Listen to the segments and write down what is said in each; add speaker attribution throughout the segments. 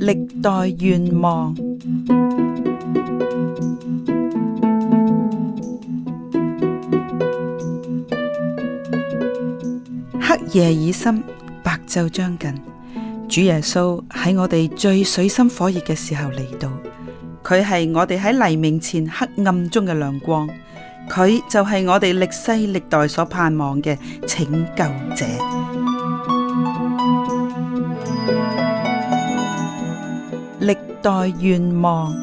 Speaker 1: 歷代願望。黑夜已深，白晝將近。主耶穌喺我哋最水深火熱嘅時候嚟到，佢係我哋喺黎明前黑暗中嘅亮光，佢就係我哋歷世歷代所盼望嘅拯救者。代願望，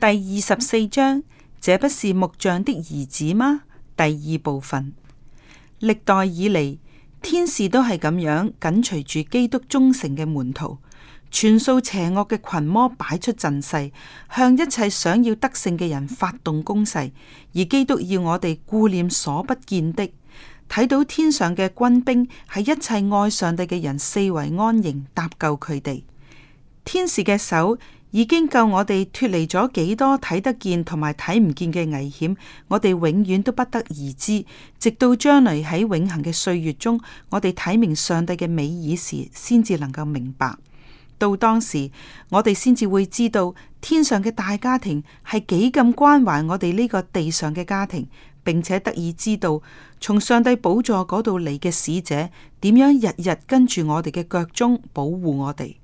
Speaker 1: 第二十四章，這不是木匠的兒子嗎？第二部分，歷代以嚟，天使都係咁樣緊隨住基督忠誠嘅門徒，全數邪惡嘅群魔擺出陣勢，向一切想要得勝嘅人發動攻勢，而基督要我哋顧念所不見的。睇到天上嘅軍兵係一切愛上帝嘅人四圍安營搭救佢哋。天使嘅手已經救我哋脫離咗幾多睇得見同埋睇唔見嘅危險，我哋永遠都不得而知，直到將來喺永恆嘅歲月中，我哋睇明上帝嘅美意時，先至能夠明白。到當時，我哋先至會知道天上嘅大家庭係幾咁關懷我哋呢個地上嘅家庭。並且得以知道從上帝寶座嗰度嚟嘅使者點樣日日跟住我哋嘅腳蹤保護我哋。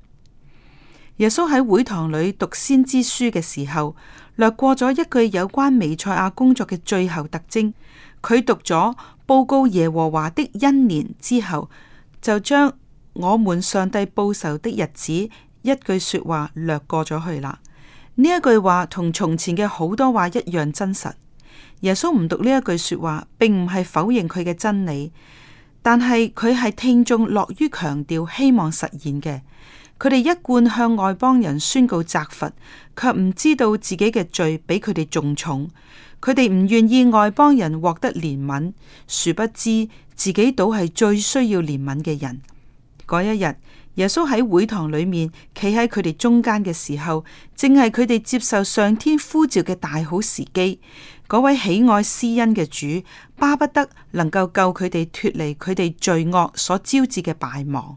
Speaker 1: 耶穌喺會堂裏讀先知書嘅時候，略過咗一句有關彌賽亞工作嘅最後特徵。佢讀咗報告耶和華的恩年之後，就將我們上帝報仇的日子一句說話略過咗去啦。呢一句話同從前嘅好多話一樣真實。耶穌唔讀呢一句說話，並唔係否認佢嘅真理，但係佢係聽眾樂於強調，希望實現嘅。佢哋一貫向外邦人宣告責罰，卻唔知道自己嘅罪比佢哋仲重。佢哋唔願意外邦人獲得憐憫，殊不知自己倒係最需要憐憫嘅人。嗰一日，耶穌喺會堂裏面企喺佢哋中間嘅時候，正係佢哋接受上天呼召嘅大好時機。嗰位喜愛施恩嘅主，巴不得能夠救佢哋脫離佢哋罪惡所招致嘅敗亡。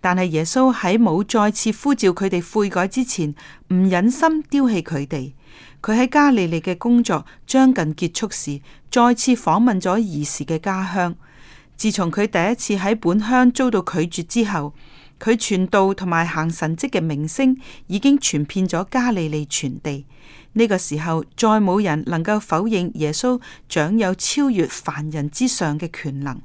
Speaker 1: 但係耶穌喺冇再次呼召佢哋悔改之前，唔忍心丟棄佢哋。佢喺加利利嘅工作將近結束時，再次訪問咗兒時嘅家鄉。自從佢第一次喺本鄉遭到拒絕之後，佢傳道同埋行神蹟嘅名聲已經傳遍咗加利利全地。呢個時候，再冇人能夠否認耶穌掌有超越凡人之上嘅權能。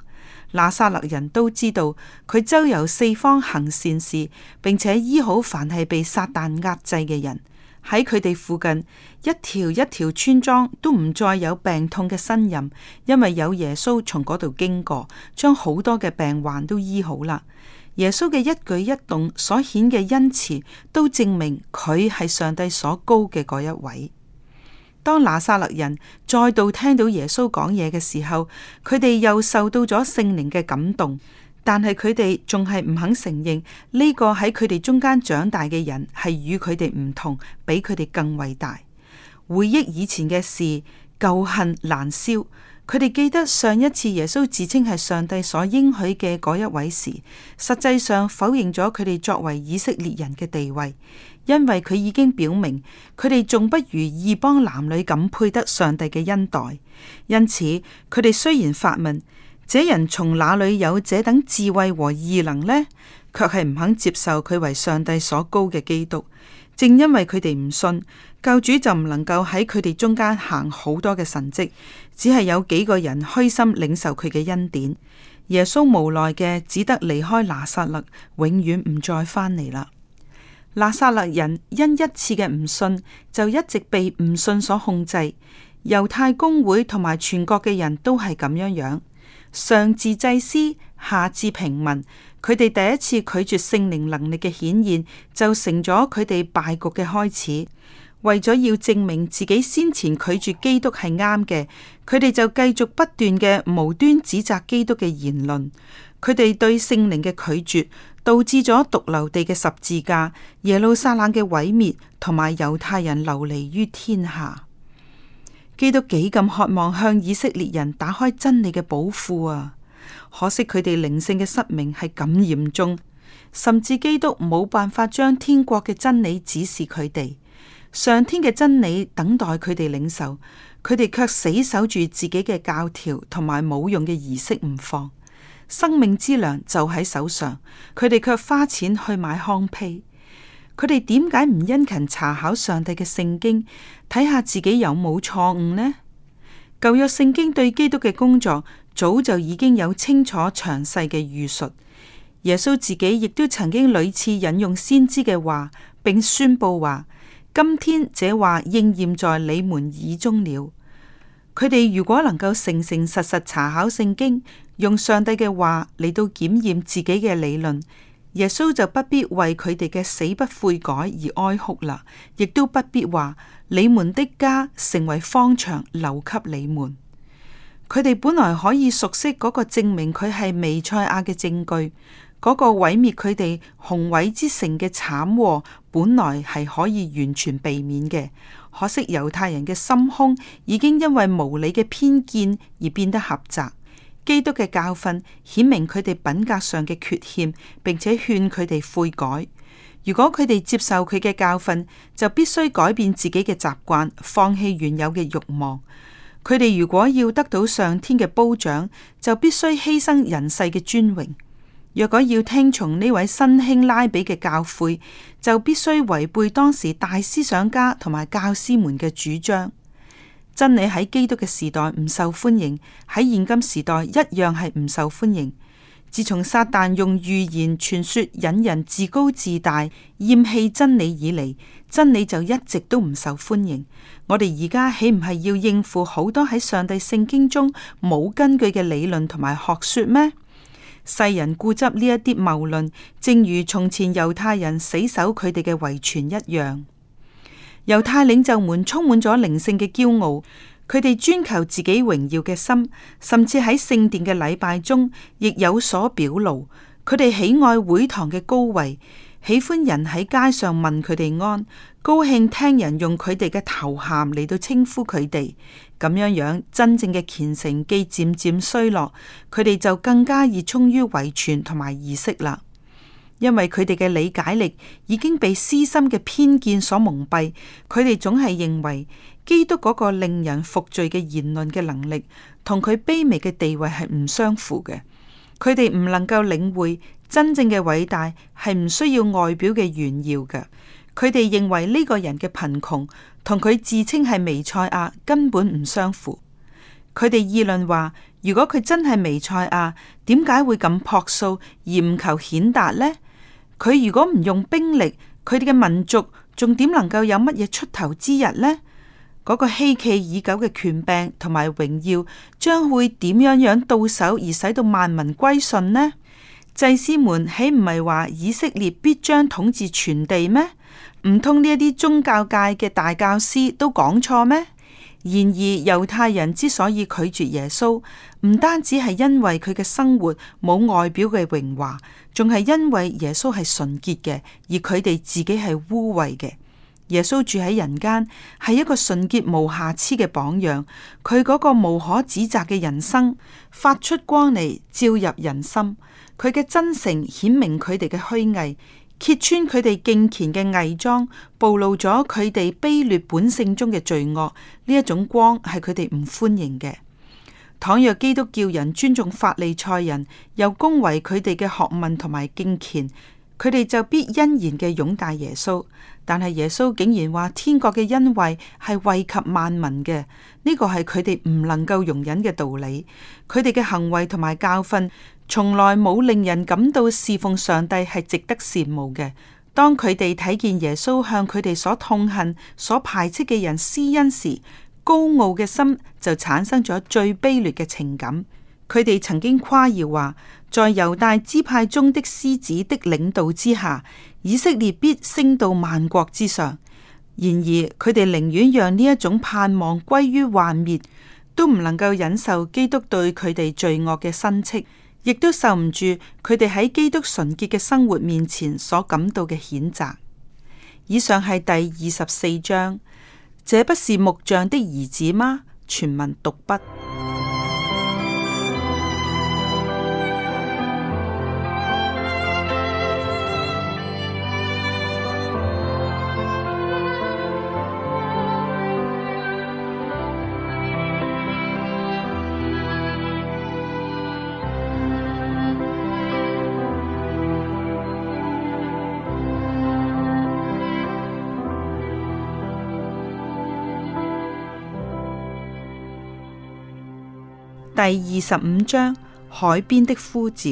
Speaker 1: 拿撒勒人都知道佢周遊四方行善事，並且醫好凡係被撒旦壓制嘅人。喺佢哋附近，一條一條村莊都唔再有病痛嘅呻吟，因為有耶穌從嗰度經過，將好多嘅病患都醫好啦。耶穌嘅一舉一動所顯嘅恩慈，都證明佢係上帝所高嘅嗰一位。當拿撒勒人再度聽到耶穌講嘢嘅時候，佢哋又受到咗聖靈嘅感動，但係佢哋仲係唔肯承認呢個喺佢哋中間長大嘅人係與佢哋唔同，比佢哋更偉大。回憶以前嘅事，舊恨難消。佢哋記得上一次耶穌自稱係上帝所應許嘅嗰一位時，實際上否認咗佢哋作為以色列人嘅地位，因為佢已經表明佢哋仲不如異邦男女咁配得上帝嘅恩待。因此，佢哋雖然發問：「這人從哪裏有這等智慧和異能呢？」卻係唔肯接受佢為上帝所高嘅基督。正因為佢哋唔信，教主就唔能夠喺佢哋中間行好多嘅神蹟。只係有幾個人虛心領受佢嘅恩典，耶穌無奈嘅只得離開拿撒勒，永遠唔再翻嚟啦。拿撒勒人因一次嘅唔信，就一直被唔信所控制。猶太公會同埋全國嘅人都係咁樣樣，上至祭司，下至平民，佢哋第一次拒絕聖靈能力嘅顯現，就成咗佢哋敗局嘅開始。為咗要證明自己先前拒絕基督係啱嘅，佢哋就繼續不斷嘅無端指責基督嘅言論。佢哋對聖靈嘅拒絕，導致咗髑髏地嘅十字架、耶路撒冷嘅毀滅，同埋猶太人流離於天下。基督幾咁渴望向以色列人打開真理嘅寶庫啊！可惜佢哋靈性嘅失明係咁嚴重，甚至基督冇辦法將天國嘅真理指示佢哋。上天嘅真理等待佢哋領受，佢哋卻死守住自己嘅教條同埋冇用嘅儀式唔放。生命之糧就喺手上，佢哋卻花錢去買糠秕。佢哋點解唔殷勤查考上帝嘅聖經，睇下自己有冇錯誤呢？舊約聖經對基督嘅工作早就已經有清楚詳細嘅預述，耶穌自己亦都曾經屢次引用先知嘅話，並宣布話：今天這話應驗在你們耳中了。佢哋如果能夠誠誠實實查考聖經，用上帝嘅話嚟到檢驗自己嘅理論，耶穌就不必為佢哋嘅死不悔改而哀哭啦，亦都不必話你們的家成為荒場留給你們。佢哋本來可以熟悉嗰個證明佢係彌賽亞嘅證據。嗰個毀滅佢哋宏偉之城嘅慘禍，本來係可以完全避免嘅。可惜猶太人嘅心胸已經因為無理嘅偏見而變得狹窄。基督嘅教訓顯明佢哋品格上嘅缺陷，並且勸佢哋悔改。如果佢哋接受佢嘅教訓，就必須改變自己嘅習慣，放棄原有嘅慾望。佢哋如果要得到上天嘅褒獎，就必須犧牲人世嘅尊榮。若果要聽從呢位新興拉比嘅教誨，就必須違背當時大思想家同埋教師們嘅主張。真理喺基督嘅時代唔受歡迎，喺現今時代一樣係唔受歡迎。自從撒旦用預言傳說引人自高自大、厭棄真理以嚟，真理就一直都唔受歡迎。我哋而家豈唔係要應付好多喺上帝聖經中冇根據嘅理論同埋學說咩？世人固執呢一啲謬論，正如從前猶太人死守佢哋嘅遺傳一樣。猶太領袖們充滿咗靈性嘅驕傲，佢哋專求自己榮耀嘅心，甚至喺聖殿嘅禮拜中亦有所表露。佢哋喜愛會堂嘅高位，喜歡人喺街上問佢哋安，高興聽人用佢哋嘅頭銜嚟到稱呼佢哋。咁樣樣，真正嘅虔誠既，漸漸衰落，佢哋就更加熱衷於遺傳同埋儀式啦。因為佢哋嘅理解力已經被私心嘅偏見所蒙蔽，佢哋總係認為基督嗰個令人服罪嘅言論嘅能力，同佢卑微嘅地位係唔相符嘅。佢哋唔能夠領會真正嘅偉大係唔需要外表嘅炫耀嘅。佢哋認為呢個人嘅貧窮。同佢自稱係彌賽亞根本唔相符，佢哋議論話：如果佢真係彌賽亞，點解會咁樸素而唔求顯達呢？佢如果唔用兵力，佢哋嘅民族仲點能夠有乜嘢出頭之日呢？嗰、那個希冀已久嘅權柄同埋榮耀，將會點樣樣到手而使到萬民歸順呢？祭司們豈唔係話以色列必將統治全地咩？唔通呢一啲宗教界嘅大教師都講錯咩？然而猶太人之所以拒絕耶穌，唔單止係因為佢嘅生活冇外表嘅榮華，仲係因為耶穌係純潔嘅，而佢哋自己係污穢嘅。耶穌住喺人間，係一個純潔無瑕疵嘅榜樣。佢嗰個無可指責嘅人生，發出光嚟照入人心。佢嘅真誠顯明佢哋嘅虛僞。揭穿佢哋敬虔嘅偽裝，暴露咗佢哋卑劣本性中嘅罪惡，呢一種光係佢哋唔歡迎嘅。倘若基督教人尊重法利賽人，又恭維佢哋嘅學問同埋敬虔，佢哋就必欣然嘅擁戴耶穌。但係耶穌竟然話天國嘅恩惠係惠及萬民嘅，呢個係佢哋唔能夠容忍嘅道理。佢哋嘅行為同埋教訓，從來冇令人感到侍奉上帝係值得羨慕嘅。當佢哋睇見耶穌向佢哋所痛恨、所排斥嘅人施恩時，高傲嘅心就產生咗最卑劣嘅情感。佢哋曾經誇耀話，在猶大支派中的獅子的領導之下，以色列必升到萬國之上。然而，佢哋寧願讓呢一種盼望歸於幻滅，都唔能夠忍受基督對佢哋罪惡嘅申斥。亦都受唔住佢哋喺基督純潔嘅生活面前所感到嘅譴責。以上係第二十四章，這不是木匠的兒子嗎？全文讀畢。第二十五章，海邊的呼召。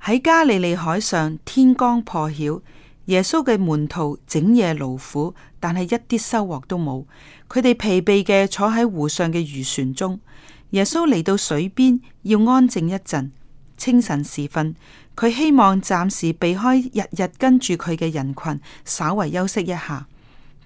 Speaker 1: 喺加利利海上，天光破曉，耶穌嘅門徒整夜勞苦，但係一啲收穫都冇。佢哋疲憊嘅坐喺湖上嘅漁船中。耶穌嚟到水邊，要安靜一陣。清晨時分，佢希望暫時避開日日跟住佢嘅人群，稍為休息一下。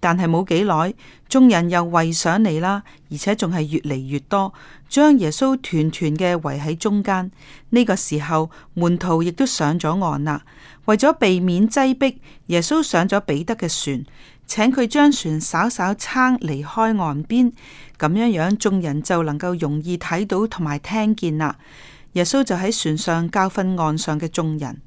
Speaker 1: 但係冇幾耐，眾人又圍上嚟啦，而且仲係越嚟越多，將耶穌團團嘅圍喺中間。呢個時候，門徒亦都上咗岸啦。為咗避免擠迫，耶穌上咗彼得嘅船，請佢將船稍稍撐離開岸邊，咁樣樣眾人就能夠容易睇到同埋聽見啦。耶穌就喺船上教訓岸上嘅眾人。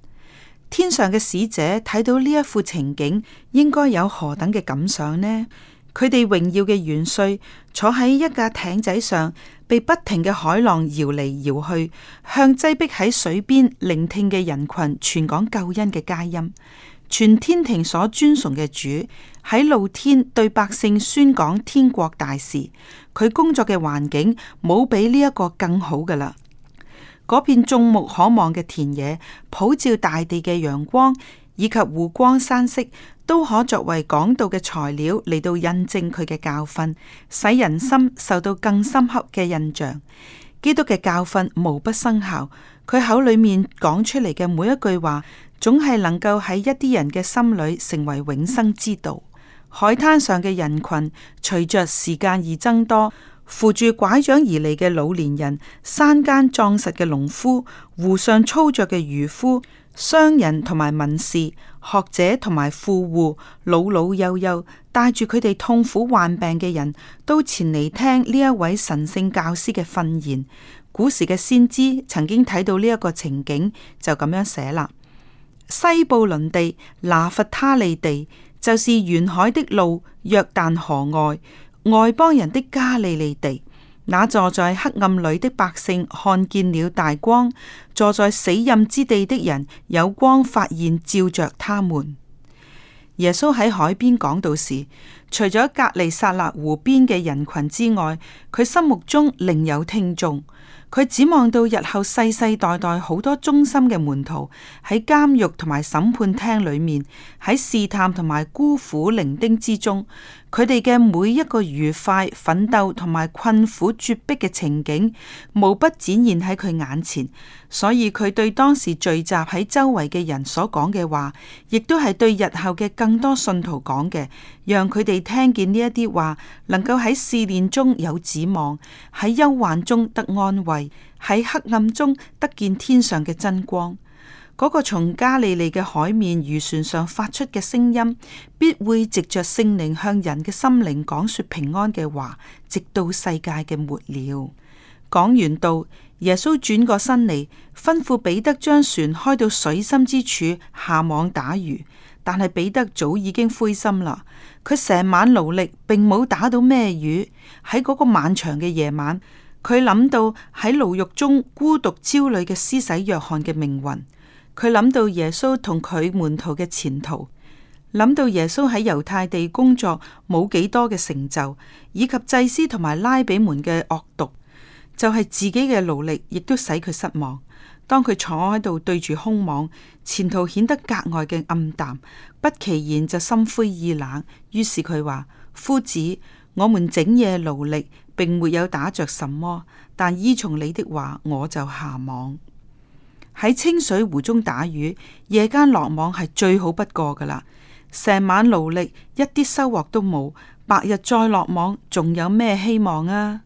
Speaker 1: 天上嘅使者睇到呢一副情景，應該有何等嘅感想呢？佢哋榮耀嘅元帥坐喺一架艇仔上，被不停嘅海浪搖嚟搖去，向擠迫喺水邊聆聽嘅人群傳講救恩嘅佳音。全天庭所尊崇嘅主喺露天對百姓宣講天國大事，佢工作嘅環境冇比呢一個更好噶啦。嗰片眾目可望嘅田野，普照大地嘅陽光，以及湖光山色，都可作為講道嘅材料嚟到印證佢嘅教訓，使人心受到更深刻嘅印象。基督嘅教訓無不生效，佢口裏面講出嚟嘅每一句話，總係能夠喺一啲人嘅心裏成為永生之道。海灘上嘅人群，隨着時間而增多。扶住拐杖而嚟嘅老年人，山間壯實嘅農夫，湖上操著嘅漁夫，商人同埋文士，學者同埋富戶，老老幼幼，帶住佢哋痛苦患病嘅人都前嚟聽呢一位神聖教師嘅訓言。古時嘅先知曾經睇到呢一個情景，就咁樣寫啦：西布倫地、拿弗他利地，就是沿海的路，約旦河外。外邦人的加利利地，那坐在黑暗裏的百姓看見了大光；坐在死蔭之地的人，有光發現照着他們。耶穌喺海邊講道時，除咗隔離撒勒湖邊嘅人群之外，佢心目中另有聽眾。佢展望到日後世世代代好多忠心嘅門徒喺監獄同埋審判廳裏面，喺試探同埋孤苦伶仃之中。佢哋嘅每一個愉快、奮鬥同埋困苦、絕逼嘅情景，無不展現喺佢眼前，所以佢對當時聚集喺周圍嘅人所講嘅話，亦都係對日後嘅更多信徒講嘅，讓佢哋聽見呢一啲話，能夠喺試煉中有指望，喺憂患中得安慰，喺黑暗中得見天上嘅真光。嗰個從加利利嘅海面漁船上發出嘅聲音，必會藉着聖靈向人嘅心靈講說平安嘅話，直到世界嘅末了。講完道，耶穌轉過身嚟，吩咐彼得將船開到水深之處下網打魚。但係彼得早已經灰心啦，佢成晚努力，並冇打到咩魚。喺嗰個漫長嘅夜晚，佢諗到喺牢獄中孤獨焦慮嘅施洗約翰嘅命運。佢諗到耶穌同佢門徒嘅前途，諗到耶穌喺猶太地工作冇幾多嘅成就，以及祭司同埋拉比們嘅惡毒，就係、是、自己嘅勞力亦都使佢失望。當佢坐喺度對住空網，前途顯得格外嘅暗淡，不其然就心灰意冷。於是佢話：「夫子，我們整夜勞力，並沒有打着什麼，但依從你的話，我就下網。喺清水湖中打魚，夜間落網係最好不過噶啦。成晚勞力，一啲收穫都冇，白日再落網，仲有咩希望啊？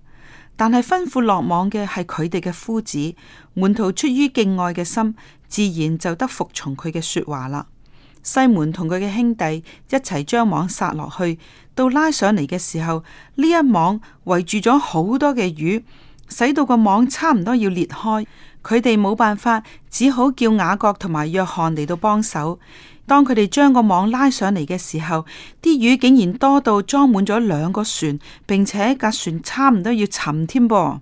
Speaker 1: 但係吩咐落網嘅係佢哋嘅夫子，門徒出於敬愛嘅心，自然就得服從佢嘅說話啦。西門同佢嘅兄弟一齊將網撒落去，到拉上嚟嘅時候，呢一網圍住咗好多嘅魚，使到個網差唔多要裂開。佢哋冇辦法，只好叫雅各同埋約翰嚟到幫手。當佢哋將個網拉上嚟嘅時候，啲魚竟然多到裝滿咗兩個船，並且架船差唔多要沉添噃。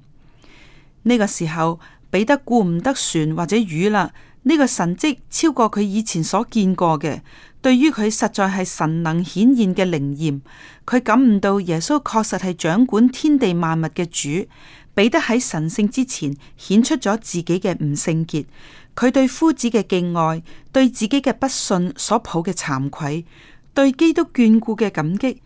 Speaker 1: 呢個時候，彼得顧唔得船或者魚啦。呢個神蹟超過佢以前所見過嘅，對於佢實在係神能顯現嘅靈驗。佢感悟到耶穌確實係掌管天地萬物嘅主。彼得喺神聖之前顯出咗自己嘅唔聖潔，佢對夫子嘅敬愛，對自己嘅不信所抱嘅慚愧，對基督眷顧嘅感激，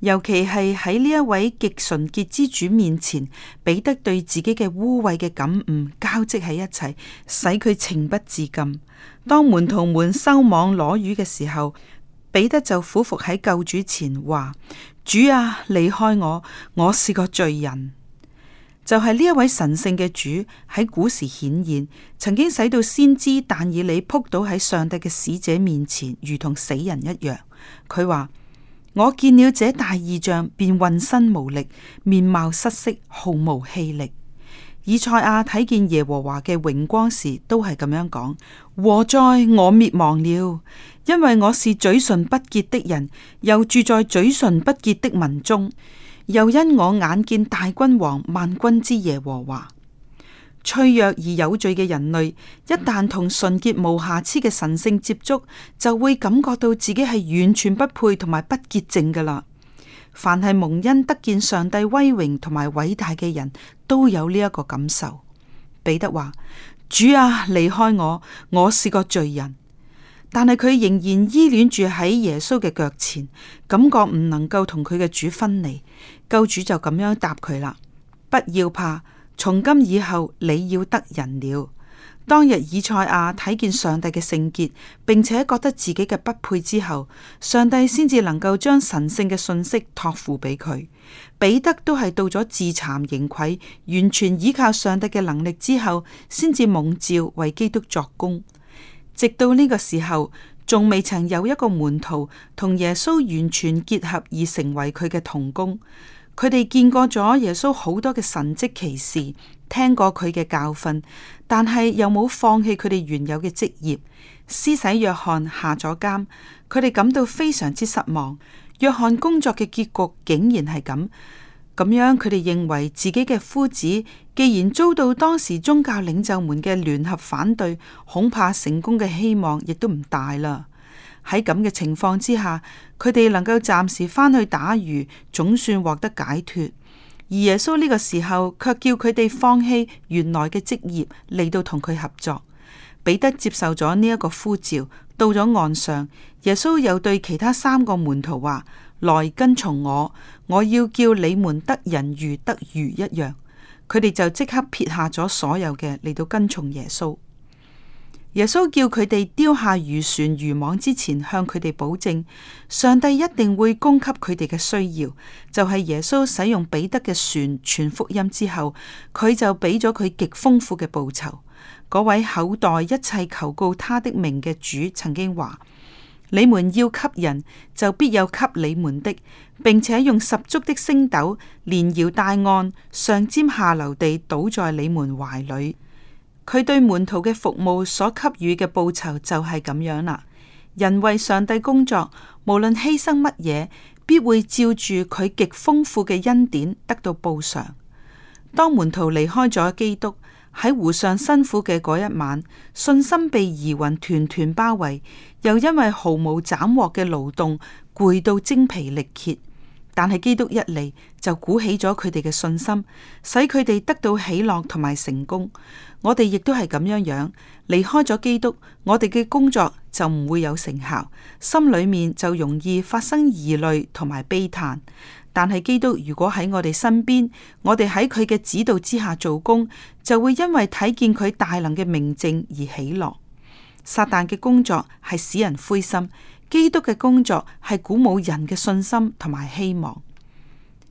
Speaker 1: 尤其係喺呢一位極純潔之主面前，彼得對自己嘅污穢嘅感悟交織喺一齊，使佢情不自禁。當門徒們收網攞魚嘅時候，彼得就俯伏喺救主前，話：主啊，離開我，我是個罪人。就係呢一位神聖嘅主喺古時顯現，曾經使到先知但以理撲倒喺上帝嘅使者面前，如同死人一樣。佢話：我見了這大異象，便渾身無力，面貌失色，毫無氣力。以賽亞睇見耶和華嘅榮光時，都係咁樣講：禍哉，我滅亡了，因為我是嘴唇不潔的人，又住在嘴唇不潔的民中。」又因我眼見大君王萬軍之耶和華。脆弱而有罪嘅人類，一旦同純潔無瑕疵嘅神聖接觸，就會感覺到自己係完全不配同埋不潔淨㗎喇。凡係蒙恩得見上帝威榮同埋偉大嘅人都有呢一個感受。彼得話：主啊，離開我，我是個罪人。但係佢仍然依戀住喺耶穌嘅腳前，感覺唔能夠同佢嘅主分離。救主就咁樣答佢啦，不要怕，從今以後你要得人了。當日以賽亞睇見上帝嘅聖潔，並且覺得自己嘅不配之後，上帝先至能夠將神聖嘅信息托付俾佢。彼得都係到咗自慚形穢，完全依靠上帝嘅能力之後，先至蒙召為基督作工。直到呢個時候，仲未曾有一個門徒同耶穌完全結合，而成為佢嘅同工。佢哋見過咗耶穌好多嘅神蹟奇事，聽過佢嘅教訓，但係又冇放棄佢哋原有嘅職業。施洗約翰下咗監，佢哋感到非常之失望。約翰工作嘅結局竟然係咁，咁樣佢哋認為自己嘅夫子既然遭到當時宗教領袖們嘅聯合反對，恐怕成功嘅希望亦都唔大啦。喺咁嘅情況之下，佢哋能夠暫時翻去打魚，總算獲得解脫。而耶穌呢個時候，卻叫佢哋放棄原來嘅職業，嚟到同佢合作。彼得接受咗呢一個呼召，到咗岸上，耶穌又對其他三個門徒話：「來跟從我，我要叫你們得人如得魚一樣。」佢哋就即刻撇下咗所有嘅嚟到跟從耶穌。耶穌叫佢哋丟下漁船漁網之前，向佢哋保證，上帝一定會供給佢哋嘅需要。就係、是、耶穌使用彼得嘅船傳福音之後，佢就俾咗佢極豐富嘅報酬。嗰位厚待一切求告他的名嘅主，曾經話：你們要給人，就必有給你們的，並且用十足的星斗，連搖帶按，上尖下流地倒在你們懷裏。佢對門徒嘅服務所給予嘅報酬就係咁樣啦。人為上帝工作，無論犧牲乜嘢，必會照住佢極豐富嘅恩典得到報償。當門徒離開咗基督，喺湖上辛苦嘅嗰一晚，信心被疑雲團團包圍，又因為毫無斬獲嘅勞動，攰到精疲力竭。但係基督一嚟就鼓起咗佢哋嘅信心，使佢哋得到喜樂同埋成功。我哋亦都係咁樣樣。離開咗基督，我哋嘅工作就唔會有成效，心裏面就容易發生疑慮同埋悲嘆。但係基督如果喺我哋身邊，我哋喺佢嘅指導之下做工，就會因為睇見佢大能嘅名證而喜樂。撒旦嘅工作係使人灰心。基督嘅工作係鼓舞人嘅信心同埋希望，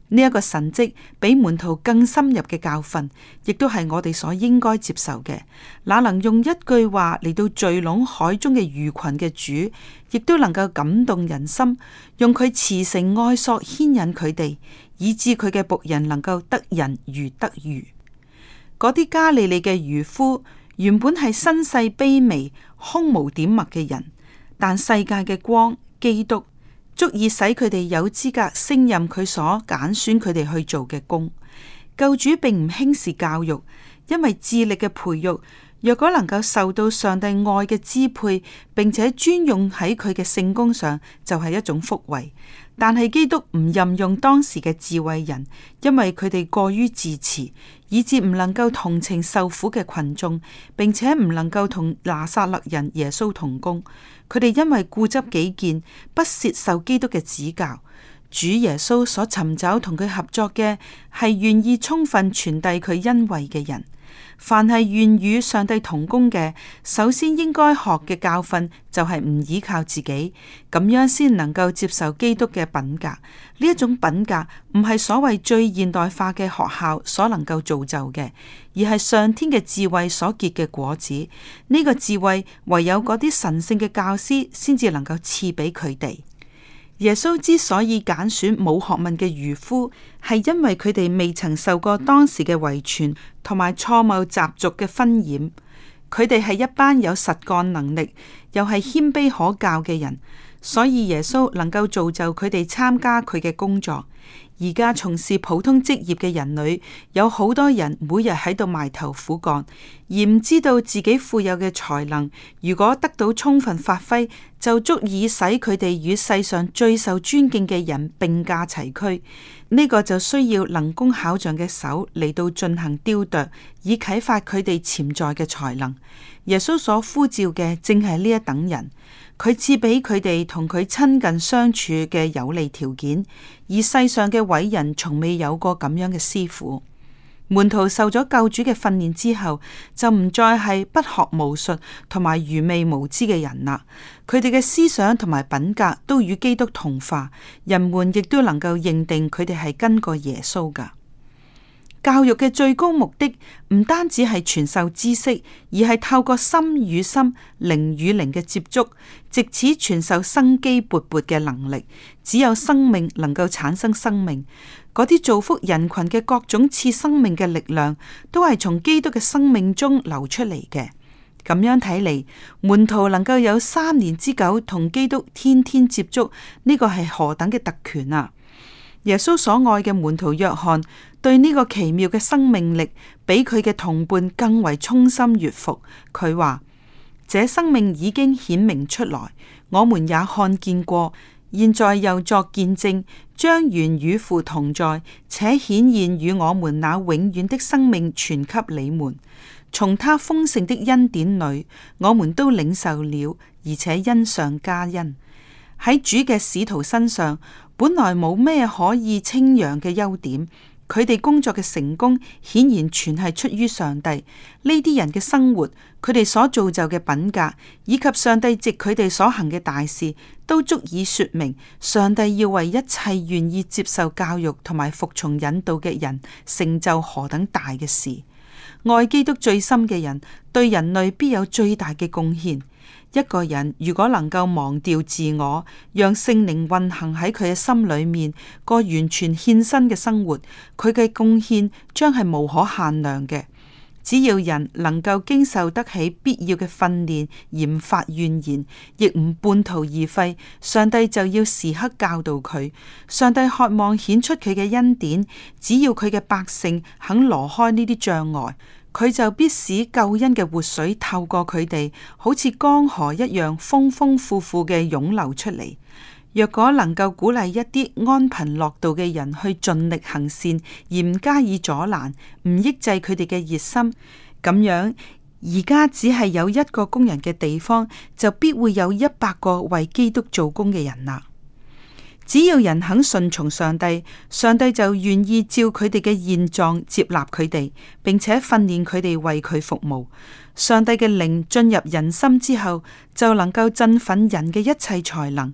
Speaker 1: 呢、這、一個神蹟比門徒更深入嘅教訓，亦都係我哋所應該接受嘅。那能用一句話嚟,到聚攏海中嘅魚群嘅主，亦都能夠感動人心，用佢慈繩愛索牽引佢哋，以致佢嘅僕人能夠得人如得魚。嗰啲加利利嘅漁夫原本係身世卑微、空無點墨嘅人。但世界嘅光基督足以使佢哋有資格勝任佢所揀選佢哋去做嘅工。救主並唔輕視教育，因為智力嘅培育，若果能夠受到上帝愛嘅支配，並且專用喺佢嘅聖工上，就係、是、一種福惠。但係基督唔任用當時嘅智慧人，因為佢哋過於自持，以致唔能夠同情受苦嘅群眾，並且唔能夠同拿撒勒人耶穌同工。佢哋因為固執己見，不屑受基督嘅指教。主耶穌所尋找同佢合作嘅，係願意充分傳遞佢恩惠嘅人。凡係願與上帝同工嘅，首先應該學嘅教訓就係唔依靠自己，咁樣先能夠接受基督嘅品格。呢一種品格唔係所謂最現代化嘅學校所能夠造就嘅，而係上天嘅智慧所結嘅果子。呢個智慧唯有嗰啲神聖嘅教師先至能夠賜俾佢哋。耶穌之所以揀選冇學問嘅漁夫，係因為佢哋未曾受過當時嘅遺傳同埋錯謬習俗嘅熏染。佢哋係一班有實幹能力，又係謙卑可教嘅人，所以耶穌能夠造就佢哋參加佢嘅工作。而家從事普通職業嘅人類，有好多人每日喺度埋頭苦幹，而唔知道自己富有嘅才能，如果得到充分發揮，就足以使佢哋與世上最受尊敬嘅人並駕齊驅。呢個就需要能工巧匠嘅手嚟到進行雕琢，以啟發佢哋潛在嘅才能。耶穌所呼召嘅，正係呢一等人。佢賜俾佢哋同佢親近相處嘅有利條件，而世上嘅偉人從未有過咁樣嘅師傅。門徒受咗救主嘅訓練之後，就唔再係不學無術同埋愚昧無知嘅人啦。佢哋嘅思想同埋品格都與基督同化，人們亦都能夠認定佢哋係跟過耶穌噶。教育嘅最高目的唔單止係傳授知識，而係透過心與心、靈與靈嘅接觸，借此傳授生機勃勃嘅能力。只有生命能夠產生生命。嗰啲造福人群嘅各種賜生命嘅力量，都係從基督嘅生命中流出嚟嘅。咁樣睇嚟，門徒能夠有三年之久同基督天天接觸，呢個係何等嘅特權啊！耶穌所愛嘅門徒約翰。對呢個奇妙嘅生命力，比佢嘅同伴更為衷心悅服。佢話：這生命已經顯明出來，我們也看見過，現在又作見證，將原與父同在，且顯現與我們那永遠的生命，傳給你們。從他豐盛的恩典裏，我們都領受了，而且恩上加恩。喺主嘅使徒身上，本來冇咩可以稱揚嘅優點。佢哋工作嘅成功，顯然全係出於上帝。呢啲人嘅生活，佢哋所造就嘅品格，以及上帝藉佢哋所行嘅大事，都足以說明上帝要為一切願意接受教育同埋服從引導嘅人成就何等大嘅事。愛基督最深嘅人，對人類必有最大嘅貢獻。一個人如果能夠忘掉自我，讓聖靈運行喺佢嘅心裏面，過完全獻身嘅生活，佢嘅貢獻將係無可限量嘅。只要人能夠經受得起必要嘅訓練，嚴發怨言，亦唔半途而廢，上帝就要時刻教導佢。上帝渴望顯出佢嘅恩典，只要佢嘅百姓肯挪開呢啲障礙。佢就必使救恩嘅活水透過佢哋，好似江河一樣豐豐富富嘅湧流出嚟。若果能夠鼓勵一啲安貧樂道嘅人去盡力行善，而唔加以阻攔，唔抑制佢哋嘅熱心，咁樣而家只係有一個工人嘅地方，就必會有一百個為基督做工嘅人啦。只要人肯順從上帝，上帝就願意照佢哋嘅現狀接納佢哋，並且訓練佢哋為佢服務。上帝嘅靈進入人心之後，就能夠振奮人嘅一切才能。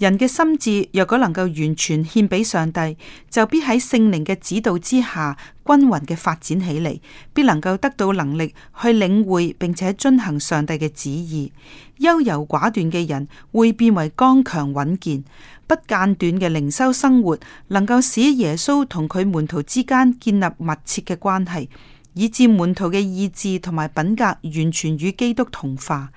Speaker 1: 人嘅心智若果能夠完全獻俾上帝，就必喺聖靈嘅指導之下均勻嘅發展起嚟，必能夠得到能力去領會並且遵行上帝嘅旨意。優柔寡斷嘅人會變為剛強穩健，不間斷嘅靈修生活能夠使耶穌同佢門徒之間建立密切嘅關係，以致門徒嘅意志同埋品格完全與基督同化。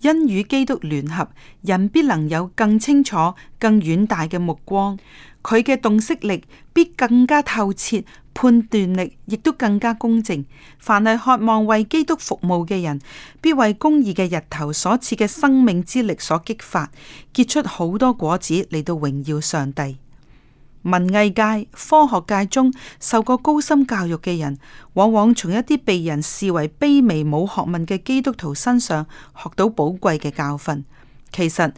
Speaker 1: 因與基督聯合，人必能有更清楚、更遠大嘅目光，佢嘅洞悉力必更加透徹，判斷力亦都更加公正。凡係渴望為基督服務嘅人，必為公義嘅日頭所賜嘅生命之力所激發，結出好多果子嚟到榮耀上帝。文藝界、科學界中受過高深教育嘅人，往往從一啲被人視為卑微、冇學問嘅基督徒身上學到寶貴嘅教訓。其實呢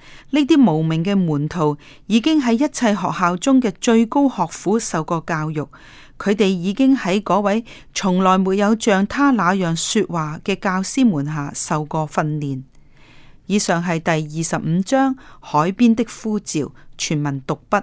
Speaker 1: 啲無名嘅門徒，已經喺一切學校中嘅最高學府受過教育，佢哋已經喺嗰位從來沒有像他那樣說話嘅教師門下受過訓練。以上係第二十五章「海邊的呼召」全文讀畢。